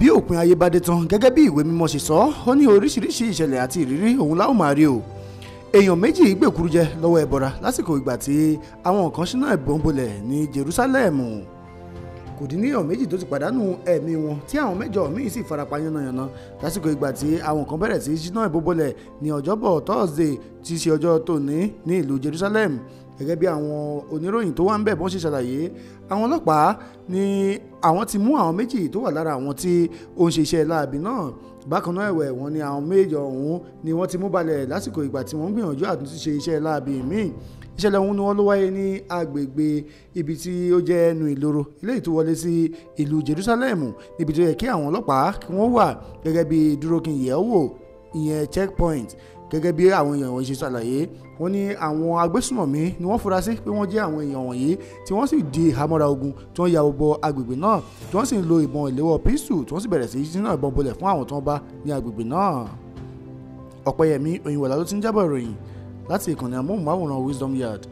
bí òpin ayé bá dé tán gẹ́gẹ́ bí ìwé mímọ́ ṣe sọ ó ní oríṣiríṣi ìṣẹ̀lẹ̀ àti ìrírí òun láwọn máa rí o èèyàn méjì gbèkúrú jẹ lọ́wọ́ ẹbọra lásìkò ìgbà tí àwọn kan ṣínà ìbọn bolẹ̀ ní Jerúsálẹ́mù kò dín ní èèyàn méjì tó ti pàdánù ẹ̀mí wọn tí àwọn mẹ́jọ míì sì farapa yánnayànna lásìkò ìgbà tí àwọn kan bẹ̀rẹ̀ sí ṣínà ìbọn bolẹ̀ ní ọjọ́bọ̀ tọ́sídẹ̀ẹ́ tí í ṣe ọjọ́ tòní ní ìlú Jerúsálẹ́mù gẹ́gẹ́ bí àwọn oníròyìn tó wà ń bẹ̀ bọ́n ṣe ṣàlàyé àwọn ọlọ́pàá ni àwọn ti mú àwọn méjì tó wà lára àwọn tí ó ń ṣe iṣẹ́ láabi náà bákan náà ẹ̀wẹ̀ wọn ni àwọn méjì ọ̀hún ni wọ́n ti mú balẹ̀ lásìkò ìgbà tí wọ́n ń gbìyànjú àtúntí ṣe iṣẹ́ láabi míì ìṣẹ̀lẹ̀ ọ̀hún ni wọ́n ló wáyé ní agbègbè ibi tí ó jẹ́ ẹnu ìloro eléyìí tó wọlé sí ìlú Jerusalem níbi tó yẹ kí àwọn ọlọ́pàá kí wọ́n wà gẹ́gẹ́ bí dúró kí n ìyẹn checkpoint gẹ́gẹ́ bí àwọn èèyàn wọ̀nyí ṣe ṣàlàyé wọ́n ní àwọn agbésùnmọ̀mí ni wọ́n fura sí pé wọ́n jẹ́ àwọn èèyàn wọ̀nyí tí wọ́n sì di ìhámọ́ra ogun tí wọ́n ya bọ agbègbè náà tí wọ́n sì ń lo ìbọn ìléwọ́ píṣù tí wọ́n sì bẹ̀rẹ̀ sí í dínà ìbọn bolẹ̀ fún àwọn tí wọ́n bá ní agbègbè náà. ọ̀pẹ̀yẹmí òyìnbó làló ti ń jábọ̀ ìròyìn láti ìkànnì amóhùnmáwòrán Wisdom Yard